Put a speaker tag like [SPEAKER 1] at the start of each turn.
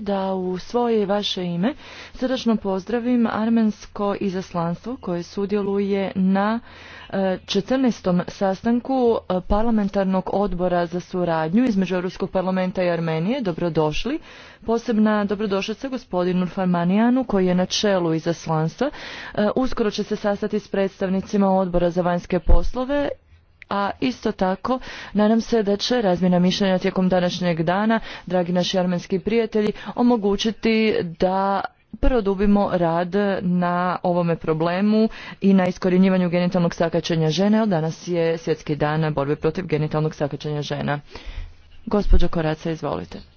[SPEAKER 1] da u svoje i vaše ime srdačno pozdravim armensko izaslanstvo koje sudjeluje na 14. E, sastanku e, parlamentarnog odbora za suradnju između Europskog parlamenta i Armenije. Dobrodošli. Posebna dobrodošlica gospodinu Farmanijanu koji je na čelu izaslanstva. E, uskoro će se sastati s predstavnicima odbora za vanjske poslove a isto tako nadam se da će razmjena mišljenja tijekom današnjeg dana, dragi naši armenski prijatelji, omogućiti da produbimo rad na ovome problemu i na iskorjenjivanju genitalnog sakačenja žene. Od danas je svjetski dan borbe protiv genitalnog sakačenja žena. Gospođo Koraca, izvolite.